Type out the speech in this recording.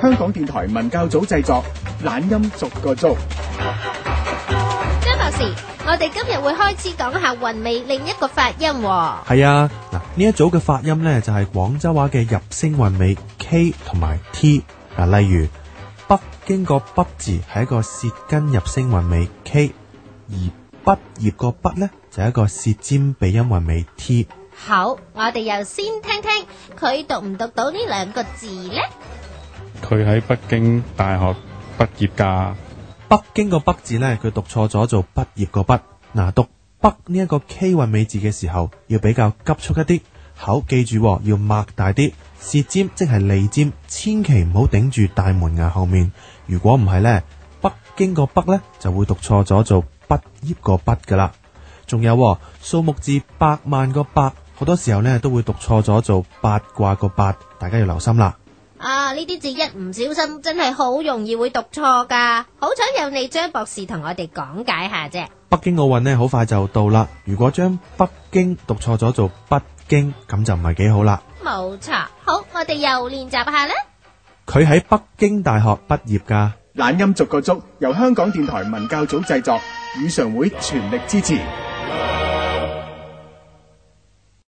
香港電台文教組製作，懶音逐個捉。張博士，我哋今日會開始講下韻尾另一個發音。係啊，嗱，呢一組嘅發音呢，就係、是、廣州話嘅入聲韻尾 k 同埋 t 嗱，例如北京個北字係一個舌根入聲韻尾 k，而畢業個畢呢就是、一個舌尖鼻音韻尾 t。好，我哋又先聽聽佢讀唔讀到呢兩個字呢？佢喺北京大學畢業噶。北京個北字呢，佢讀錯咗做畢業個畢。嗱、啊，讀北呢一個 k 韻尾字嘅時候，要比較急促一啲，口記住、哦、要擘大啲，舌尖即係脷尖，千祈唔好頂住大門牙後面。如果唔係呢，北京個北呢，就會讀錯咗做畢業個畢噶啦。仲有哦、數目字百萬個百，好多時候呢都會讀錯咗做八卦個八，大家要留心啦。啊！呢啲字一唔小心，真係好容易會讀錯噶。好彩有你張博士同我哋講解下啫。北京奧運呢，好快就到啦。如果將北京讀錯咗做北京，咁就唔係幾好啦。冇錯，好，我哋又練習下啦。佢喺北京大學畢業噶。懶音逐個捉，由香港電台文教組製作，語常會全力支持。